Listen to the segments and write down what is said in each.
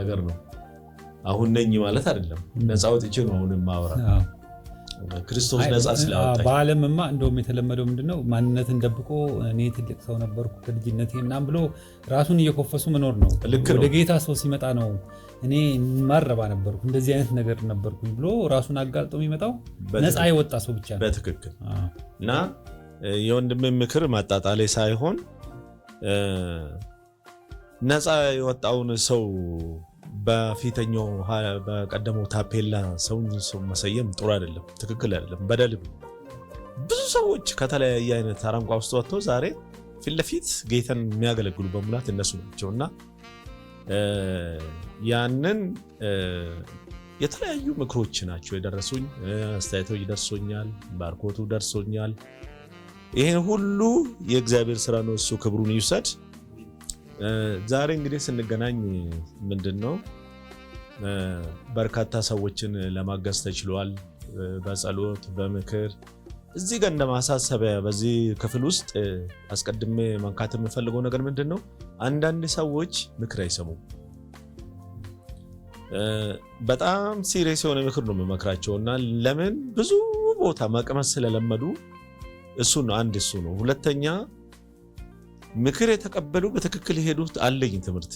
ነገር ነው። አሁን ነኝ ማለት አይደለም። ነፃ ወጥቼ ነው አሁን ማወራ ክርስቶስ ነፃ ስለወጣ በዓለምማ እንደውም የተለመደው ምንድነው ማንነትን ደብቆ እኔ ትልቅ ሰው ነበርኩ ከልጅነቴ እናም ብሎ ራሱን እየኮፈሱ መኖር ነው። ወደ ጌታ ሰው ሲመጣ ነው እኔ ማረባ ነበርኩ እንደዚህ አይነት ነገር ነበርኩኝ ብሎ ራሱን አጋልጦ የሚመጣው ነፃ የወጣ ሰው ብቻ ነው። በትክክል እና የወንድም ምክር ማጣጣሌ ሳይሆን ነፃ የወጣውን ሰው በፊተኛው በቀደመው ታፔላ ሰውን ሰው መሰየም ጥሩ አይደለም፣ ትክክል አይደለም፣ በደልም ብዙ ሰዎች ከተለያየ አይነት አረንቋ ውስጥ ወጥተው ዛሬ ፊት ለፊት የሚያገለግሉ በሙላት እነሱ ናቸው እና ያንን የተለያዩ ምክሮች ናቸው የደረሱኝ። አስተያየቶች ደርሶኛል፣ ባርኮቱ ደርሶኛል። ይህን ሁሉ የእግዚአብሔር ስራ ነው። እሱ ክብሩን ይውሰድ። ዛሬ እንግዲህ ስንገናኝ ምንድን ነው በርካታ ሰዎችን ለማገዝ ተችሏል። በጸሎት በምክር እዚህ ጋር እንደ ማሳሰቢያ በዚህ ክፍል ውስጥ አስቀድሜ መንካት የምፈልገው ነገር ምንድን ነው፣ አንዳንድ ሰዎች ምክር አይሰሙም። በጣም ሲሪየስ የሆነ ምክር ነው የምመክራቸው እና ለምን ብዙ ቦታ መቅመስ ስለለመዱ እሱ ነው አንድ እሱ ነው። ሁለተኛ ምክር የተቀበሉ በትክክል የሄዱት አለኝ ትምህርት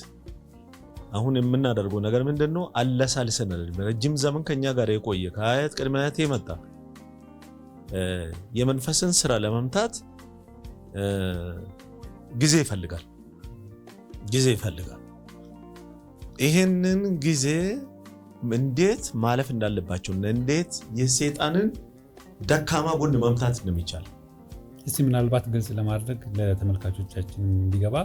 አሁን የምናደርገው ነገር ምንድን ነው? ረጅም ዘመን ከኛ ጋር የቆየ ከአያት ቅድመ አያት የመጣ የመንፈስን ስራ ለመምታት ጊዜ ይፈልጋል ጊዜ ይፈልጋል። ይህንን ጊዜ እንዴት ማለፍ እንዳለባቸው እንዴት የሴጣንን ደካማ ጎን መምታት እንደሚቻል እስቲ ምናልባት ግልጽ ለማድረግ ለተመልካቾቻችን እንዲገባ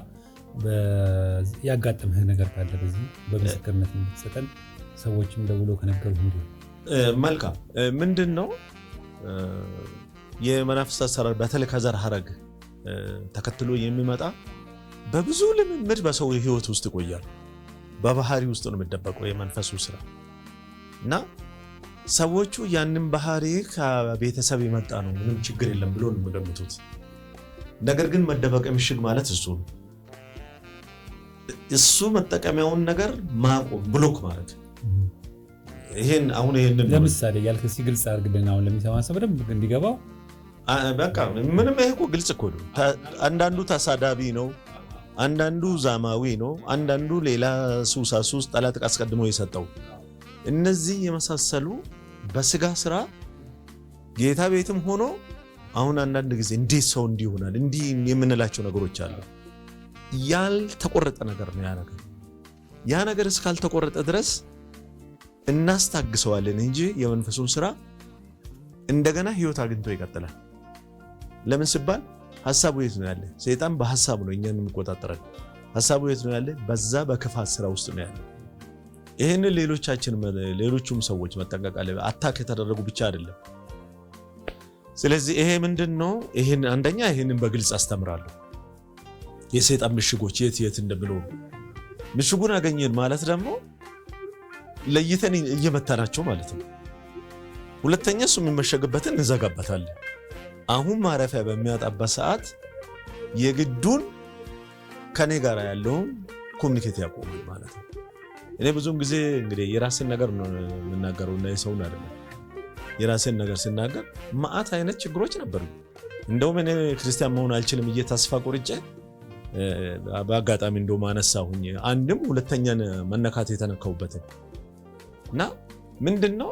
ያጋጠምህ ነገር ካለ በዚህ በምስክርነት እንድትሰጠን ሰዎችም ደውሎ ከነገሩ እንዲሁ መልካም። ምንድን ነው የመናፍስ አሰራር በተለይ ከዘር ሀረግ ተከትሎ የሚመጣ በብዙ ልምምድ በሰው ህይወት ውስጥ ይቆያል። በባህሪ ውስጥ ነው የሚደበቀው የመንፈሱ ስራ እና ሰዎቹ ያንን ባህሪ ከቤተሰብ የመጣ ነው ምንም ችግር የለም ብሎ ነው የሚገምቱት። ነገር ግን መደበቅ ምሽግ ማለት እሱ ነው። እሱ መጠቀሚያውን ነገር ማቆም ብሎክ ማለት ይሄን አሁን ይሄንን ለምሳሌ ያልክ እስኪ ግልጽ አድርግልን አሁን ለሚሰማ ሰው በደንብ እንዲገባው። በቃ ምንም ይሄ እኮ ግልጽ እኮ ነው። አንዳንዱ ተሳዳቢ ነው፣ አንዳንዱ ዛማዊ ነው፣ አንዳንዱ ሌላ ሱሳ ሱስ ጠላት አስቀድሞ የሰጠው እነዚህ የመሳሰሉ በስጋ ስራ ጌታ ቤትም ሆኖ አሁን አንዳንድ ጊዜ እንዴት ሰው እንዲህ ይሆናል እንዲህ የምንላቸው ነገሮች አሉ። ያልተቆረጠ ነገር ነው ያ ነገር። ያ ነገር እስካልተቆረጠ ድረስ እናስታግሰዋለን እንጂ የመንፈሱን ስራ እንደገና ህይወት አግኝቶ ይቀጥላል። ለምን ሲባል ሀሳቡ የት ነው ያለ? ሰይጣን በሀሳብ ነው እኛን የሚቆጣጠረን። ሀሳቡ የት ነው ያለ? በዛ በክፋት ስራ ውስጥ ነው ያለ። ይህንን ሌሎቻችን ሌሎቹም ሰዎች መጠንቀቅ አለ። አታክ የተደረጉ ብቻ አይደለም። ስለዚህ ይሄ ምንድን ነው? ይህን አንደኛ ይህንን በግልጽ አስተምራለሁ። የሰይጣን ምሽጎች የት የት እንደምንሆኑ ምሽጉን አገኘን ማለት ደግሞ ለይተን እየመታናቸው ማለት ነው። ሁለተኛ እሱ የሚመሸግበትን እንዘጋበታለን። አሁን ማረፊያ በሚያጣበት ሰዓት የግዱን ከኔ ጋር ያለውን ኮሚኒኬት ያቆማል ማለት ነው። እኔ ብዙን ጊዜ እንግዲህ የራስን ነገር የምናገረው እና የሰውን አይደለም። የራስን ነገር ስናገር ማአት አይነት ችግሮች ነበሩ። እንደውም እኔ ክርስቲያን መሆን አልችልም እየ ተስፋ በአጋጣሚ እንደውም አነሳሁኝ አንድም ሁለተኛን መነካት የተነካሁበትን እና ምንድን ነው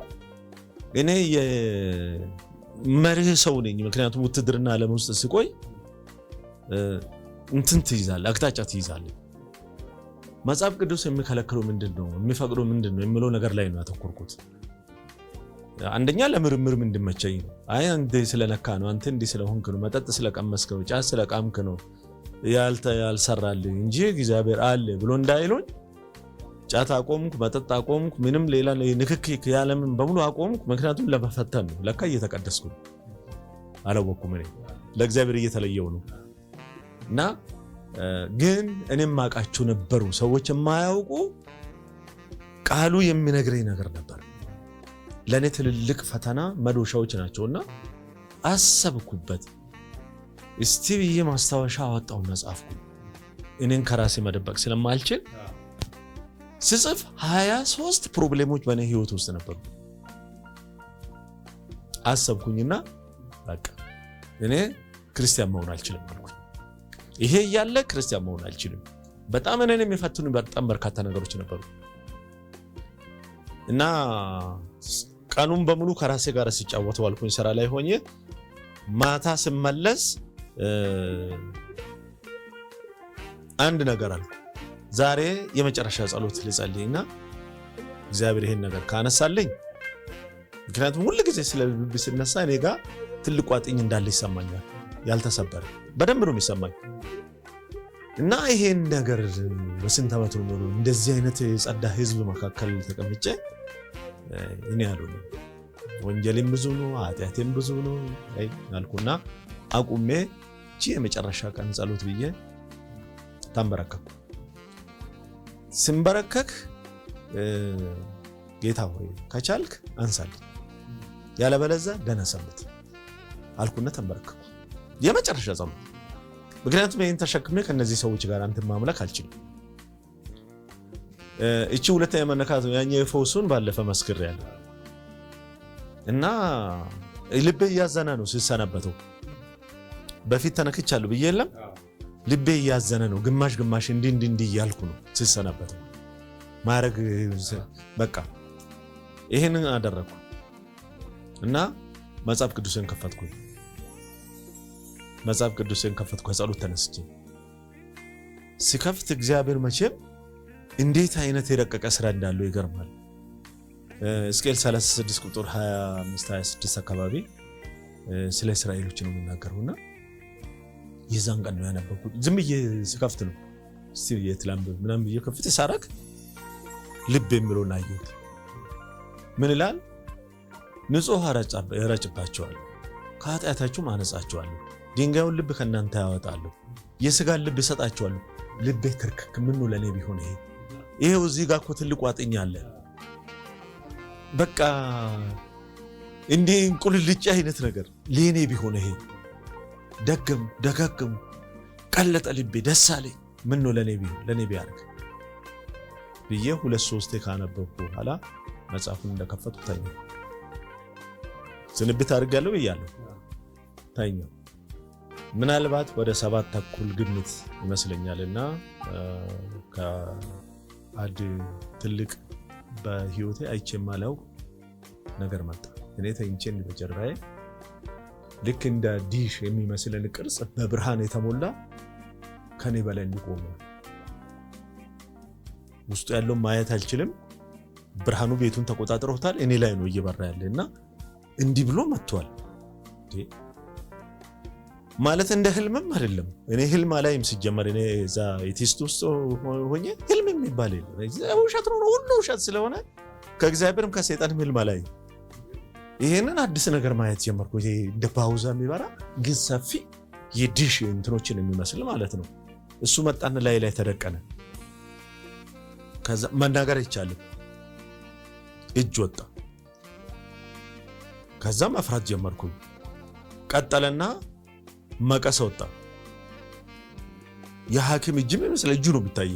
እኔ የመርህ ሰው ነኝ። ምክንያቱም ውትድርና ዓለም ውስጥ ስቆይ እንትን ትይዛለህ፣ አቅጣጫ ትይዛለህ መጽሐፍ ቅዱስ የሚከለክለው ምንድን ነው የሚፈቅደው ምንድን ነው የሚለው ነገር ላይ ነው ያተኮርኩት። አንደኛ ለምርምርም እንድመቸኝ ነው። አይ አንተ ስለነካ ነው፣ አንተ እንዲህ ስለሆንክ ነው፣ መጠጥ ስለቀመስክ ነው፣ ጫት ስለቃምክ ነው ያልሰራልኝ እንጂ እግዚአብሔር አለ ብሎ እንዳይሉኝ ጫት አቆምኩ፣ መጠጥ አቆምኩ፣ ምንም ሌላ ንክክ ያለምን በሙሉ አቆምኩ። ምክንያቱም ለመፈተን ነው። ለካ እየተቀደስኩ ነው አላወኩም። እኔ ለእግዚአብሔር እየተለየው ነው እና ግን እኔም ማውቃቸው ነበሩ ሰዎች የማያውቁ ቃሉ የሚነግረኝ ነገር ነበር። ለእኔ ትልልቅ ፈተና መዶሻዎች ናቸውና አሰብኩበት። እስቲ ብዬ ማስታወሻ አወጣው መጻፍኩ። እኔን ከራሴ መደበቅ ስለማልችል ስጽፍ ሀያ ሶስት ፕሮብሌሞች በእኔ ህይወት ውስጥ ነበሩ። አሰብኩኝና በቃ እኔ ክርስቲያን መሆን አልችልም ይሄ እያለ ክርስቲያን መሆን አልችልም። በጣም እኔን የሚፈትኑ በጣም በርካታ ነገሮች ነበሩ እና ቀኑን በሙሉ ከራሴ ጋር ሲጫወት ዋልኩኝ ስራ ላይ ሆኜ። ማታ ስመለስ አንድ ነገር አልኩ፣ ዛሬ የመጨረሻ ጸሎት እና እግዚአብሔር ይሄን ነገር ካነሳልኝ ምክንያቱም ሁል ጊዜ ስለ ልብ ስነሳ እኔ ጋር ትልቅ ቋጥኝ እንዳለ ይሰማኛል። ያልተሰበረ በደንብ ነው የሚሰማኝ። እና ይሄን ነገር በስንት ዓመት ነው እንደዚህ አይነት የጸዳ ህዝብ መካከል ተቀምጬ እኔ ያሉ ነው። ወንጀልም ብዙ ነው፣ ኃጢአቴም ብዙ ነው አልኩና አቁሜ እቺ የመጨረሻ ቀን ጸሎት ብዬ ታንበረከኩ። ስንበረከክ ጌታ ሆይ ከቻልክ አንሳልኝ፣ ያለበለዚያ ደህና ሰንብት አልኩና ተንበረከኩ። የመጨረሻ ጸሎት ምክንያቱም ይህን ተሸክሜ ከነዚህ ሰዎች ጋር አንተን ማምለክ አልችልም። እቺ ሁለተኛ መነካት ያኛው የፈውሱን ባለፈ መስክር ያለ እና ልቤ እያዘነ ነው ስሰነበተው። በፊት ተነክቻለሁ ብዬ የለም ልቤ እያዘነ ነው። ግማሽ ግማሽ እንዲህ እንዲህ እንዲህ እያልኩ ነው ስሰነበተው ማድረግ በቃ ይህንን አደረግኩ እና መጽሐፍ ቅዱስን ከፈትኩኝ። መጽሐፍ ቅዱስን ከፈትኩ ከጸሎት ተነስቼ ሲከፍት እግዚአብሔር መቼም እንዴት አይነት የረቀቀ ስራ እንዳለው ይገርማል። እስቅኤል 36 ቁጥር 25 26 አካባቢ ስለ እስራኤሎች ነው እና የዛን ቀን ነው ያነበብኩት። ዝም ብዬ ስከፍት ነው የትላንብ ብዬ ከፍት ሳረግ ልብ የሚለው ናየት ምን ይላል? ንጹህ ረጭባቸዋል፣ ከኃጢአታችሁም አነጻቸዋለሁ ድንጋዩን ልብ ከእናንተ ያወጣለሁ፣ የስጋን ልብ እሰጣቸዋለሁ። ልቤ ክርክክ ምኑ ለእኔ ቢሆን ይሄ ይሄው እዚህ ጋር እኮ ትልቁ አጥኝ አለ። በቃ እንዲህ እንቁልልጭ አይነት ነገር ለእኔ ቢሆን ይሄ ደግም ደጋግም ቀለጠ ልቤ ደስ አለኝ። ምነው ለእኔ ቢሆን ለእኔ ቢያደርግ ብዬ ሁለት ሶስቴ ካነበብኩ በኋላ መጽሐፉን እንደከፈቱ ተኛው። ዝንብት አድርጋለሁ ብያለሁ። ተኛው። ምናልባት ወደ ሰባት ተኩል ግምት ይመስለኛል እና ከአንድ ትልቅ በህይወቴ አይቼ የማላውቅ ነገር መጣ። እኔ ተኝቼ በጀርባዬ ልክ እንደ ዲሽ የሚመስለን ቅርጽ በብርሃን የተሞላ ከኔ በላይ እንዲቆሙ ውስጡ ያለውን ማየት አልችልም። ብርሃኑ ቤቱን ተቆጣጥሮታል። እኔ ላይ ነው እየበራ ያለ እና እንዲህ ብሎ መጥቷል። ማለት እንደ ህልምም አይደለም። እኔ ህልም አላይም ሲጀመር። እኔ እዛ የቴስት ውስጥ ሆኜ ህልም የሚባል ውሸት ነው፣ ሁሉ ውሸት ስለሆነ ከእግዚአብሔርም ከሰይጣንም ህልም አላይም። ይህንን አዲስ ነገር ማየት ጀመርኩ። እንደ ባውዛ የሚበራ ግን ሰፊ የዲሽ እንትኖችን የሚመስል ማለት ነው። እሱ መጣን ላይ ላይ ተደቀነ። ከዛ መናገር አይቻልም፣ እጅ ወጣ። ከዛ መፍራት ጀመርኩኝ። ቀጠለና መቀስ ወጣ። የሐኪም እጅም ይመስል እጁ ነው የሚታይ።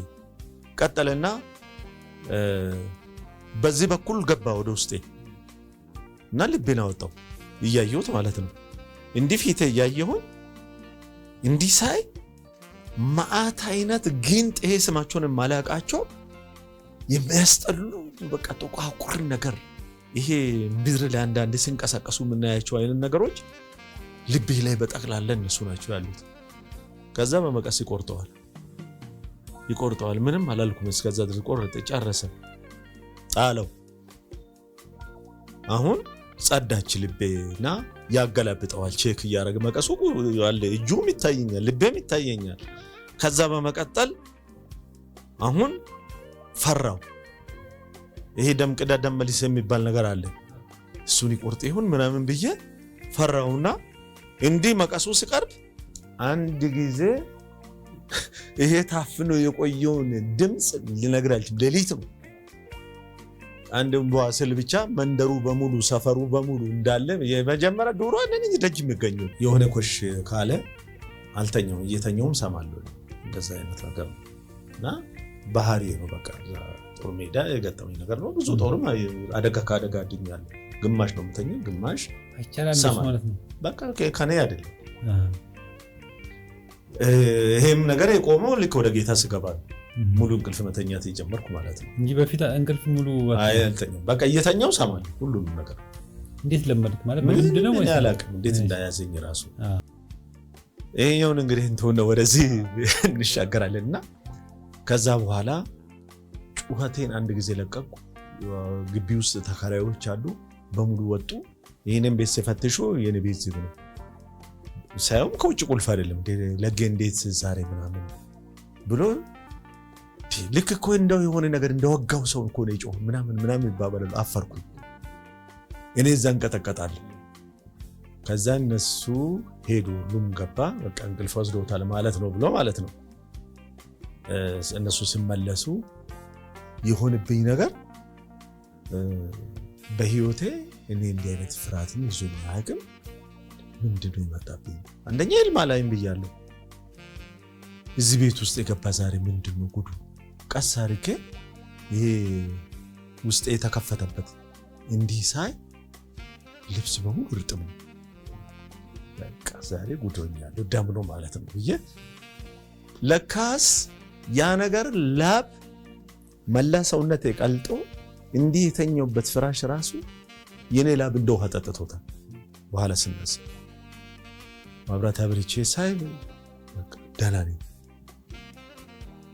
ቀጠለና በዚህ በኩል ገባ ወደ ውስጤ እና ልቤን አወጣው እያየሁት ማለት ነው። እንዲህ ፊቴ እያየሁኝ እንዲህ ሳይ ማአት አይነት ግን ጤሄ ስማቸውን የማላውቃቸው የሚያስጠሉ በቃ ጥቋቁር ነገር ይሄ ምድር ላይ አንዳንድ ሲንቀሳቀሱ የምናያቸው አይነት ነገሮች ልቤ ላይ በጠቅላላ እነሱ ናቸው ያሉት። ከዛ በመቀስ ይቆርጠዋል ይቆርጠዋል። ምንም አላልኩም እስከዛ ድረስ ቆረጠ፣ ጨረሰ፣ ጣለው። አሁን ጸዳች ልቤና ያገላብጠዋል። ቼክ እያደረገ መቀሱ አለ፣ እጁም ይታየኛል፣ ልቤም ይታየኛል። ከዛ በመቀጠል አሁን ፈራው። ይሄ ደም ቅዳ ደም መልስ የሚባል ነገር አለ። እሱን ይቆርጥ ይሁን ምናምን ብዬ ፈራውና እንዲህ መቀሱ ሲቀርብ አንድ ጊዜ ይሄ ታፍኖ የቆየውን ድምፅ ልነግር አልችልም። ሌሊት ነው። አንድ እንቧ ብቻ መንደሩ በሙሉ ሰፈሩ በሙሉ እንዳለ የመጀመሪያ ዶሮ ነኝ ደጅ የሚገኙ የሆነ ኮሽ ካለ አልተኛውም እየተኛውም ሰማለሁ። እንደዛ አይነት ነገር እና ባህሪ ነው። በቃ ጦር ሜዳ የገጠመኝ ነገር ነው። ብዙ ጦርም አደጋ ከአደጋ አድኛለሁ። ግማሽ ነው የምተኛው፣ ግማሽ በቃ ከኔ አይደለም። ይሄም ነገር የቆመው ልክ ወደ ጌታ ስገባ ሙሉ እንቅልፍ መተኛት የጀመርኩ ማለት ነው እንጂ በፊት እንቅልፍ ሙሉ በቃ እየተኛው ሰማለሁ ሁሉንም ነገር። እንዴት ለመድክ ማለት በልምድ ነው እንዴት እንዳያዘኝ ራሱ። ይሄኛውን እንግዲህ እንትሆነ ወደዚህ እንሻገራለን እና ከዛ በኋላ ጩኸቴን አንድ ጊዜ ለቀቅኩ። ግቢ ውስጥ ተከራዮች አሉ በሙሉ ወጡ። ይህንን ቤት ሲፈትሹ የኔ ቤት ዝግ ነው ሳይሆን ከውጭ ቁልፍ አይደለም ለጌ እንዴት ዛሬ ምናምን ብሎ ልክ እኮ እንደው የሆነ ነገር እንደወጋው ሰው እኮ ነው የጮኸው ምናምን ምናምን ይባባላሉ። አፈርኩ እኔ እዛ እንቀጠቀጣል። ከዛ እነሱ ሄዱ፣ ሁሉም ገባ። በቃ እንቅልፍ ወስዶታል ማለት ነው ብሎ ማለት ነው። እነሱ ሲመለሱ የሆንብኝ ነገር በህይወቴ እኔ እንዲህ አይነት ፍርሃትን ይዞኝ አያውቅም። ምንድን ነው የመጣብኝ? አንደኛ ህልም አላይም ብያለሁ። እዚህ ቤት ውስጥ የገባ ዛሬ ምንድን ጉዱ? ቀስ አድርጌ ይሄ ውስጤ የተከፈተበት እንዲህ ሳይ ልብስ በሙሉ እርጥም ነው። በቃ ዛሬ ጉዶኛለሁ፣ ደም ነው ማለት ነው ብዬ ለካስ ያ ነገር ላብ መላ ሰውነት የቀልጠው እንዲህ የተኘውበት ፍራሽ ራሱ የኔ ላብ እንደ ውሃ ጠጥቶታል። በኋላ ስነሳ ማብራት አብርቼ ሳይል ደህና ነኝ።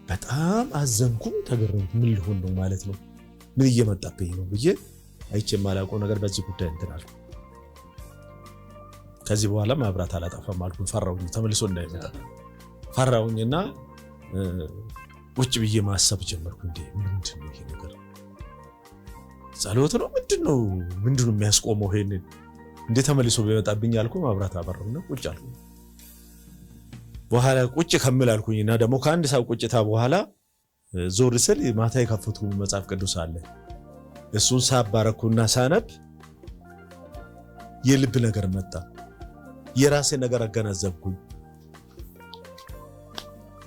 በጣም አዘንኩ፣ ተገረምኩ። ምን ሊሆን ነው ማለት ነው? ምን እየመጣብኝ ነው ብዬ አይቼ የማላውቀው ነገር በዚህ ጉዳይ እንትናል። ከዚህ በኋላ ማብራት አላጠፋም አልኩኝ። ፈራሁኝ፣ ተመልሶ እንዳይመጣ ፈራሁኝና ውጭ ብዬ ማሰብ ጀመርኩ። እንዴ ምንድን ነው ይሄ ነገር ጸሎት ነው ምንድን ነው ምንድን ነው የሚያስቆመው? ይሄንን እንዴ ተመልሶ ቢመጣብኝ አልኩ ማብራት አበራሁና ቁጭ አልኩ። በኋላ ቁጭ አልኩኝ እና ደግሞ ከአንድ ሰዓት ቁጭታ በኋላ ዞር ስል ማታ የከፈቱ መጽሐፍ ቅዱስ አለ። እሱን ሳባረኩና ሳነብ የልብ ነገር መጣ። የራሴ ነገር አገናዘብኩኝ።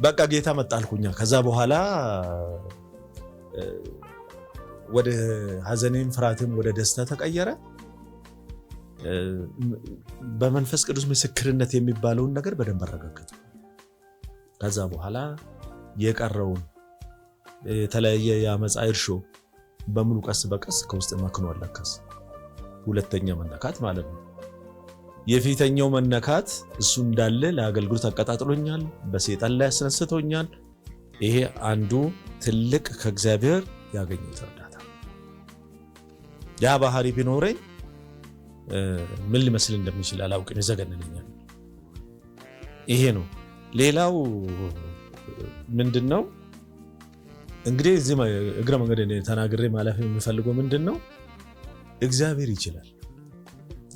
በቃ ጌታ መጣ ከዛ በኋላ ወደ ሀዘኔም ፍርሃቴም ወደ ደስታ ተቀየረ። በመንፈስ ቅዱስ ምስክርነት የሚባለውን ነገር በደንብ አረጋገጥ። ከዛ በኋላ የቀረውን የተለያየ የአመፃ እርሾ በሙሉ ቀስ በቀስ ከውስጥ መክኖ አለከስ ሁለተኛ መነካት ማለት ነው። የፊተኛው መነካት እሱ እንዳለ ለአገልግሎት አቀጣጥሎኛል፣ በሴጣን ላይ አስነስቶኛል። ይሄ አንዱ ትልቅ ከእግዚአብሔር ያገኘሁት እርዳታ ያ ባህሪ ቢኖረኝ ምን ሊመስል እንደሚችል አላውቅም። ይዘገንነኛል። ይሄ ነው። ሌላው ምንድን ነው እንግዲህ እዚህ እግረ መንገድ ተናግሬ ማለፍ የሚፈልገው ምንድን ነው፣ እግዚአብሔር ይችላል።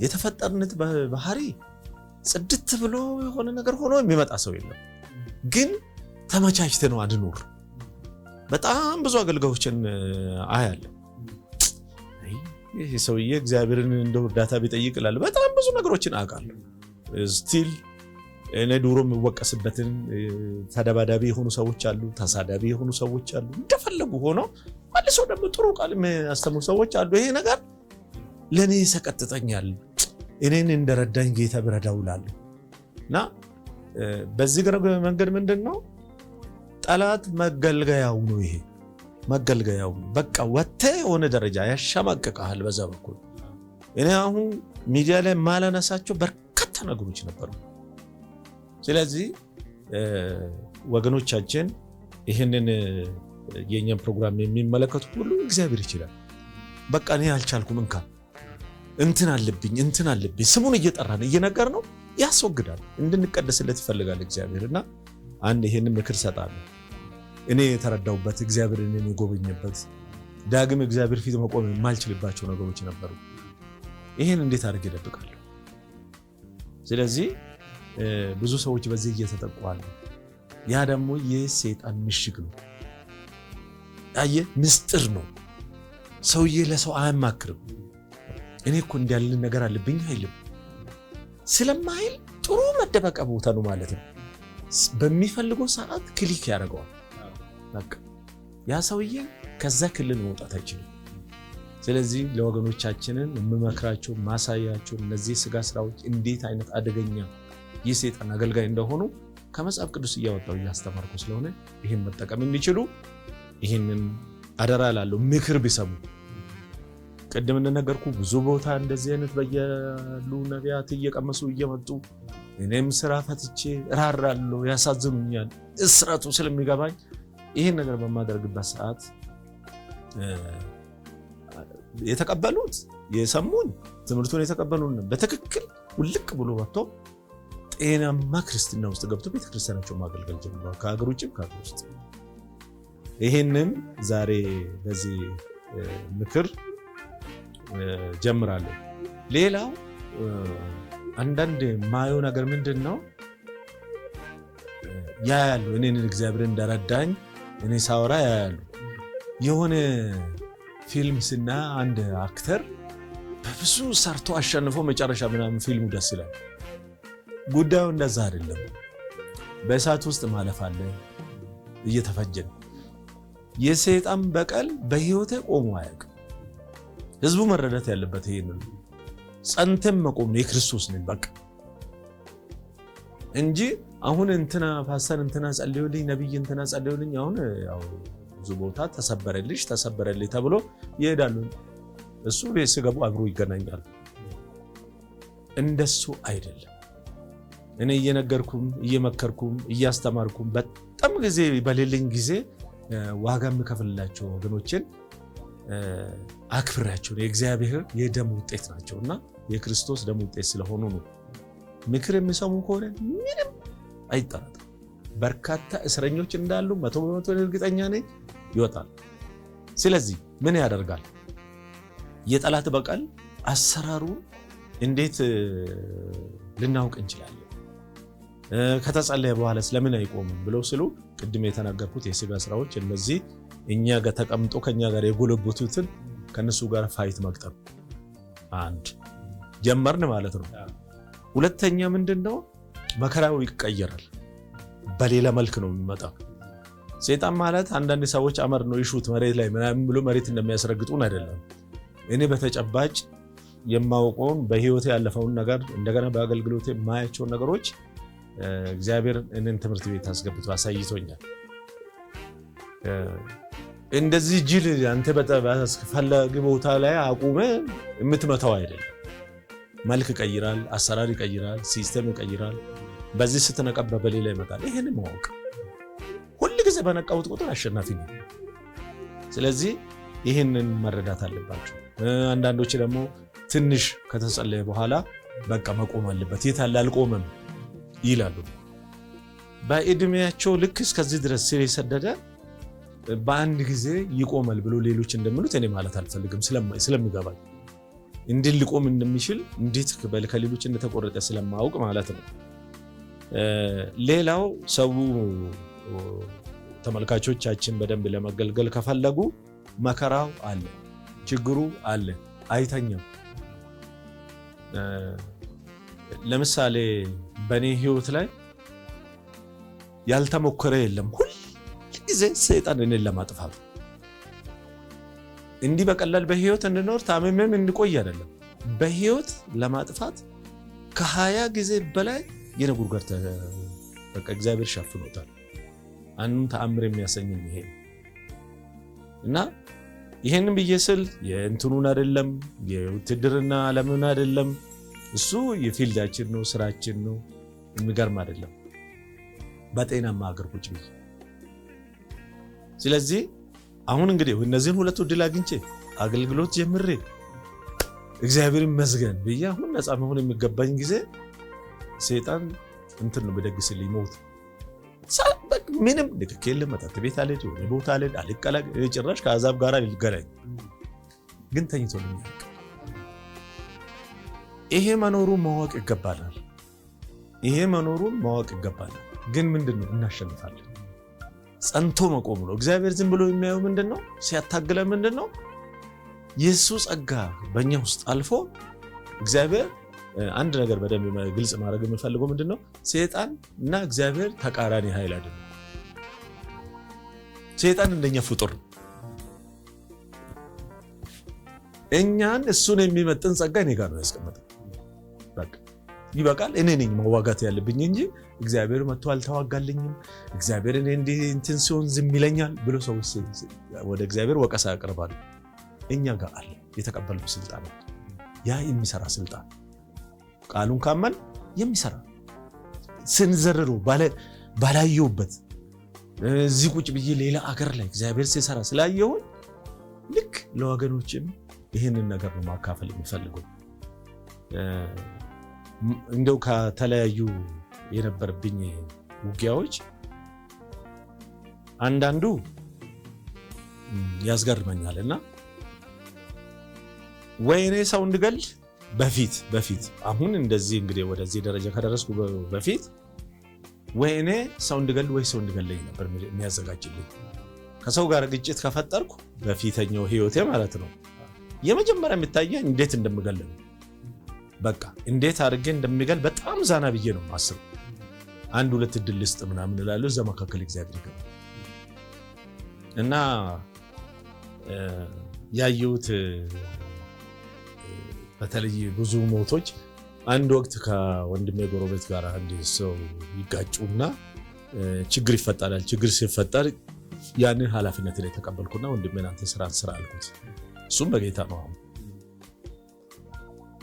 የተፈጠርነት ባህሪ ጽድት ብሎ የሆነ ነገር ሆኖ የሚመጣ ሰው የለም። ግን ተመቻችተ ነው አድኖር በጣም ብዙ አገልጋዮችን አያለን ይህ ሰውዬ እግዚአብሔርን እንደ እርዳታ ቢጠይቅ ይላል። በጣም ብዙ ነገሮችን አውቃለሁ። ስቲል እኔ ድሮ የምወቀስበትን ተደባዳቢ የሆኑ ሰዎች አሉ፣ ተሳዳቢ የሆኑ ሰዎች አሉ። እንደፈለጉ ሆኖ መልሰው ደግሞ ጥሩ ቃል የሚያስተምሩ ሰዎች አሉ። ይሄ ነገር ለእኔ ሰቀጥጠኛል። እኔን እንደረዳኝ ጌታ ብረዳው እላለሁ እና በዚህ መንገድ ምንድን ነው ጠላት መገልገያው ነው ይሄ መገልገያው በቃ ወተ የሆነ ደረጃ ያሸማቀቃል በዛ በኩል እኔ አሁን ሚዲያ ላይ ማላነሳቸው በርካታ ነገሮች ነበሩ። ስለዚህ ወገኖቻችን ይህንን የእኛን ፕሮግራም የሚመለከቱ ሁሉ እግዚአብሔር ይችላል። በቃ እኔ አልቻልኩም፣ እንካ እንትን አለብኝ እንትን አለብኝ፣ ስሙን እየጠራን እየነገር ነው ያስወግዳል። እንድንቀደስለት ይፈልጋል እግዚአብሔር እና አንድ ይህንን ምክር ሰጣለሁ። እኔ የተረዳውበት እግዚአብሔር እኔን የጎበኘበት ዳግም እግዚአብሔር ፊት መቆም የማልችልባቸው ነገሮች ነበሩ። ይህን እንዴት አድርግ ይደብቃሉ? ስለዚህ ብዙ ሰዎች በዚህ እየተጠቁ ያ ደግሞ ሴጣን ምሽግ ነው። አየ ምስጢር ነው። ሰውዬ ለሰው አያማክርም። እኔ እኮ እንዲያልን ነገር አለብኝ አይልም። ስለማይል ጥሩ መደበቂያ ቦታ ነው ማለት ነው። በሚፈልገው ሰዓት ክሊክ ያደርገዋል። በቃ ያ ሰውዬ ከዛ ክልል መውጣት አይችልም። ስለዚህ ለወገኖቻችንን የምመክራቸው ማሳያቸው እነዚህ ስጋ ስራዎች እንዴት አይነት አደገኛ የሰይጣን አገልጋይ እንደሆኑ ከመጽሐፍ ቅዱስ እያወጣው እያስተማርኩ ስለሆነ ይህን መጠቀም የሚችሉ ይህንን አደራ ላለው ምክር ቢሰሙ ቅድም እንደነገርኩ ብዙ ቦታ እንደዚህ አይነት በያሉ ነቢያት እየቀመሱ እየመጡ እኔም ስራ ፈትቼ እራራለሁ፣ ያሳዝኑኛል፣ እስረቱ ስለሚገባኝ ይሄን ነገር በማደርግበት ሰዓት የተቀበሉት የሰሙን ትምህርቱን የተቀበሉን በትክክል ውልቅ ብሎ ወጥቶ ጤናማ ክርስትና ውስጥ ገብቶ ቤተክርስቲያናቸው ማገልገል ጀምረዋል። ከሀገር ውጭም ከሀገር ውስጥ ይህንን ዛሬ በዚህ ምክር ጀምራለሁ። ሌላው አንዳንድ ማየ ነገር ምንድን ነው ያ ያለው እኔን እግዚአብሔር እንደረዳኝ እኔ ሳወራ ያያሉ። የሆነ ፊልም ስና አንድ አክተር በብዙ ሰርቶ አሸንፎ መጨረሻ ምናምን ፊልሙ ደስ ይላል። ጉዳዩ እንደዛ አይደለም። በእሳት ውስጥ ማለፍ አለ። እየተፈጀን የሰይጣን በቀል በህይወቴ ቆሞ አያውቅም። ህዝቡ መረዳት ያለበት ይሄንን ጸንተን መቆም ነው የክርስቶስ ነን በቃ እንጂ አሁን እንትና ፓስተር እንትና ጸልዩልኝ፣ ነብይ እንትና ጸልዩልኝ፣ አሁን ያው ብዙ ቦታ ተሰበረልሽ ተሰበረልኝ ተብሎ ይሄዳሉ። እሱ ቤት ሲገቡ አብሮ ይገናኛል። እንደሱ አይደለም። እኔ እየነገርኩም እየመከርኩም እያስተማርኩም በጣም ጊዜ በሌለኝ ጊዜ ዋጋ የምከፍልላቸው ወገኖችን አክብራቸው የእግዚአብሔር የደም ውጤት ናቸው እና የክርስቶስ ደም ውጤት ስለሆኑ ነው። ምክር የሚሰሙ ከሆነ ምንም አይጠረጥም። በርካታ እስረኞች እንዳሉ መቶ በመቶ እርግጠኛ ነኝ ይወጣል። ስለዚህ ምን ያደርጋል? የጠላት በቀል አሰራሩ እንዴት ልናውቅ እንችላለን? ከተጸለየ በኋላ ስለምን አይቆምም ብለው ስሉ ቅድም የተናገርኩት የስጋ ስራዎች እነዚህ እኛ ጋር ተቀምጦ ከኛ ጋር የጎለበቱትን ከነሱ ጋር ፋይት መቅጠር አንድ ጀመርን ማለት ነው። ሁለተኛ ምንድን ነው መከራው ይቀየራል። በሌላ መልክ ነው የሚመጣው። ሴጣን ማለት አንዳንድ ሰዎች አመር ነው ይሹት መሬት ላይ ምናምን ብሎ መሬት እንደሚያስረግጡን አይደለም። እኔ በተጨባጭ የማውቀውን በህይወቴ ያለፈውን ነገር እንደገና በአገልግሎቴ የማያቸውን ነገሮች እግዚአብሔር እንን ትምህርት ቤት አስገብቶ አሳይቶኛል። እንደዚህ ጅል አንተ በፈለግ ቦታ ላይ አቁመ የምትመታው አይደለም። መልክ ይቀይራል፣ አሰራር ይቀይራል፣ ሲስተም ይቀይራል። በዚህ ስትነቃ በሌላ ይመጣል። ይህን ማወቅ ሁል ጊዜ በነቃሁት ቁጥር አሸናፊ ነው። ስለዚህ ይህንን መረዳት አለባቸው። አንዳንዶች ደግሞ ትንሽ ከተጸለየ በኋላ በቃ መቆም አለበት የታለ አልቆመም ይላሉ። በእድሜያቸው ልክ እስከዚህ ድረስ ስር የሰደደ በአንድ ጊዜ ይቆማል ብሎ ሌሎች እንደሚሉት እኔ ማለት አልፈልግም ስለሚገባኝ እንዴት ሊቆም እንደሚችል እንዴት ከሌሎች እንደተቆረጠ ስለማወቅ ማለት ነው። ሌላው ሰው ተመልካቾቻችን በደንብ ለመገልገል ከፈለጉ መከራው አለ፣ ችግሩ አለ፣ አይተኛም። ለምሳሌ በእኔ ህይወት ላይ ያልተሞከረ የለም። ሁል ጊዜ ሰይጣን እኔን ለማጥፋት እንዲህ በቀላል በህይወት እንኖር ታምሜም እንቆይ አይደለም፣ በህይወት ለማጥፋት ከሀያ ጊዜ በላይ የነጉር ጋር በቃ እግዚአብሔር ሸፍኖታል። አንዱን ተአምር የሚያሰኝ ይሄ እና ይሄንን ብዬ ስል የእንትኑን አይደለም የውትድርና አለምን አይደለም እሱ የፊልዳችን ነው ስራችን ነው የሚገርም አይደለም። በጤናማ ሀገር ቁጭ ብዬ ስለዚህ አሁን እንግዲህ እነዚህን ሁለቱ ድል አግኝቼ አገልግሎት ጀምሬ እግዚአብሔር ይመስገን ብዬ አሁን ነፃ መሆን የሚገባኝ ጊዜ ሴጣን እንትን ነው በደግስልኝ ሞት ምንም ንክክ የለም። መጠጥ ቤት አልሄድ፣ የሆነ ቦታ አልሄድ፣ አልቀላቀል ጭራሽ ከአዛብ ጋር ልገናኝ ግን ተኝቶ ልኛል። ይሄ መኖሩን ማወቅ ይገባናል። ይሄ መኖሩን ማወቅ ይገባናል። ግን ምንድን ነው እናሸንፋለን። ጸንቶ መቆም ነው። እግዚአብሔር ዝም ብሎ የሚያየው ምንድን ነው ሲያታግለ ምንድን ነው የእሱ ጸጋ በእኛ ውስጥ አልፎ እግዚአብሔር አንድ ነገር በደንብ ግልጽ ማድረግ የምንፈልገው ምንድን ነው፣ ሰይጣን እና እግዚአብሔር ተቃራኒ ኃይል አይደለም። ሰይጣን እንደኛ ፍጡር እኛን እሱን የሚመጥን ጸጋ እኔ ጋር ነው ያስቀመጠው። ይበቃል። እኔ ነኝ ማዋጋት ያለብኝ እንጂ እግዚአብሔር መጥቶ አልተዋጋልኝም። እግዚአብሔር እኔ እንዲህ እንትን ሲሆን ዝም ይለኛል ብሎ ሰው ወደ እግዚአብሔር ወቀሳ ያቀርባል። እኛ ጋር አለ የተቀበልነው ስልጣን፣ ያ የሚሰራ ስልጣን ቃሉን ካመን የሚሰራ ስንዘርሮ ባላየውበት እዚህ ቁጭ ብዬ ሌላ አገር ላይ እግዚአብሔር ሲሰራ ስላየሁኝ ልክ ለወገኖችም ይህንን ነገር ነው ማካፈል የሚፈልገው። እንደው ከተለያዩ የነበርብኝ ውጊያዎች አንዳንዱ ያስገርመኛል እና ወይኔ ሰው እንድገል በፊት በፊት አሁን እንደዚህ እንግዲህ ወደዚህ ደረጃ ከደረስኩ በፊት ወይ እኔ ሰው እንድገል ወይ ሰው እንድገለኝ ነበር የሚያዘጋጅልኝ። ከሰው ጋር ግጭት ከፈጠርኩ በፊተኛው ህይወቴ ማለት ነው የመጀመሪያ የሚታየኝ እንዴት እንደምገል ነው። በቃ እንዴት አድርጌ እንደሚገል በጣም ዛና ብዬ ነው ማስብ። አንድ ሁለት እድል ልስጥ ምናምን እላለሁ። እዛ መካከል እግዚአብሔር ይገባ እና ያየሁት በተለይ ብዙ ሞቶች አንድ ወቅት ከወንድሜ ጎረቤት ጋር አንድ ሰው ይጋጩና ችግር ይፈጠራል። ችግር ሲፈጠር ያንን ኃላፊነት ላይ ተቀበልኩና ወንድሜን አንተ ስራ ስራ አልኩት። እሱም በጌታ ነው። አሁን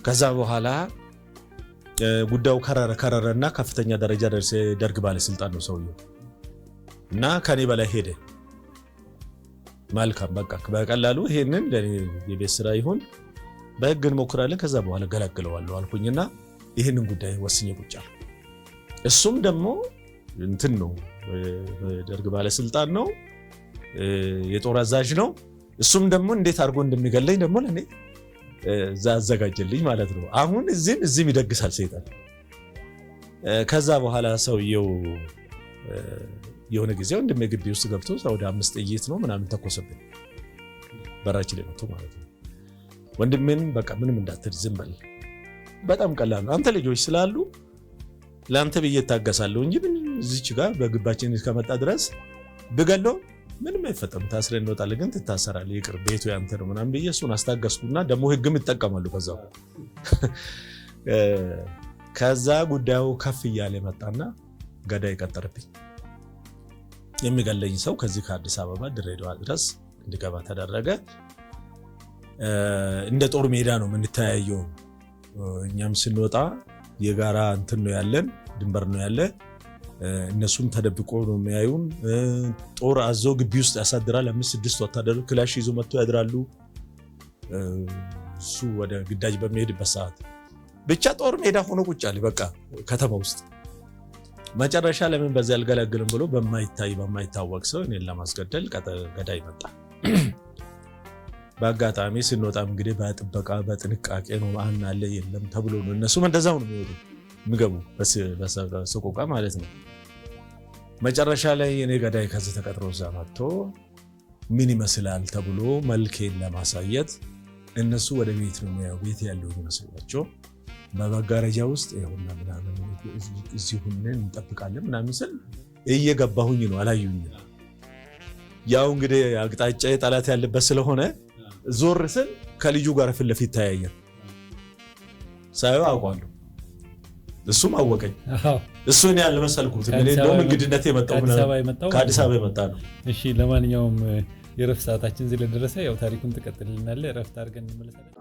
ከዛ በኋላ ጉዳዩ ከረረ ከረረ እና ከፍተኛ ደረጃ ደርሰ ደርግ ባለስልጣን ነው ሰውየው እና ከኔ በላይ ሄደ። መልካም በቃ በቀላሉ ይሄንን የቤት ስራ ይሁን በህግ እንሞክራለን ከዛ በኋላ ገላግለዋለሁ አልኩኝና ይህንን ጉዳይ ወስኝ ቁጭ እሱም ደግሞ እንትን ነው ደርግ ባለስልጣን ነው የጦር አዛዥ ነው። እሱም ደግሞ እንዴት አድርጎ እንደሚገለኝ ደግሞ ለእኔ እዛ አዘጋጀልኝ ማለት ነው። አሁን እዚህም እዚህም ይደግሳል ሰይጣን። ከዛ በኋላ ሰውየው የሆነ ጊዜ ወንድሜ ግቢ ውስጥ ገብቶ ወደ አምስት ጥይት ነው ምናምን ተኮሰብን፣ በራችን ላይ መጥቶ ማለት ነው። ወንድሜንም በቃ ምንም እንዳትል ዝም በል። በጣም ቀላል ነው። አንተ ልጆች ስላሉ ለአንተ ብዬ እታገሳለሁ እንጂ ምን እዚች ጋር በግባችን እስከመጣ ድረስ ብገለው ምንም አይፈጠም። ታስረ እንወጣለ ግን ትታሰራለህ። ይቅር ቤቱ ያንተ ነው ምናምን ብዬ እሱን አስታገስኩና ደግሞ ህግም ይጠቀማሉ። ከዛ ከዛ ጉዳዩ ከፍ እያለ መጣና ገዳይ ቀጠርብኝ። የሚገለኝ ሰው ከዚህ ከአዲስ አበባ ድሬዳዋ ድረስ እንዲገባ ተደረገ። እንደ ጦር ሜዳ ነው የምንተያየው። እኛም ስንወጣ የጋራ እንትን ነው ያለን፣ ድንበር ነው ያለ። እነሱም ተደብቆ ነው የሚያዩን። ጦር አዘው ግቢ ውስጥ ያሳድራል። አምስት ስድስት ወታደሮች ክላሽ ይዞ መጥቶ ያድራሉ። እሱ ወደ ግዳጅ በሚሄድበት ሰዓት ብቻ ጦር ሜዳ ሆኖ ቁጭ አለ። በቃ ከተማ ውስጥ መጨረሻ ለምን በዚህ አልገለግልም ብሎ በማይታይ በማይታወቅ ሰው እኔን ለማስገደል ገዳይ መጣ። በአጋጣሚ ስንወጣም እንግዲህ በጥበቃ በጥንቃቄ ነው ማን አለ የለም ተብሎ ነው። እነሱም እንደዛው ነው የሚወዱ የሚገቡ በሰቆቃ ማለት ነው። መጨረሻ ላይ የኔ ገዳይ ከዚህ ተቀጥሮ እዛ መጥቶ ምን ይመስላል ተብሎ መልኬን ለማሳየት እነሱ ወደ ቤት ነው የሚያዩ ቤት ያለው ይመስላቸው በመጋረጃ ውስጥ ሁና ምናምን እዚሁ እንጠብቃለን ምናምን ስል እየገባሁኝ ነው አላዩኝ። ያው እንግዲህ አቅጣጫ ጠላት ያለበት ስለሆነ ዞር ስል ከልጁ ጋር ፊት ለፊት ተያየን። ሳየው አውቋለሁ፣ እሱም አወቀኝ። እሱ እኔ አልመሰልኩት። እንደውም እንግድነት የመጣው ከአዲስ አበባ የመጣ ነው። እሺ፣ ለማንኛውም የእረፍት ሰዓታችን ስለደረሰ ያው ታሪኩን ትቀጥልልናለህ። እረፍት አድርገን እንመለሳለን።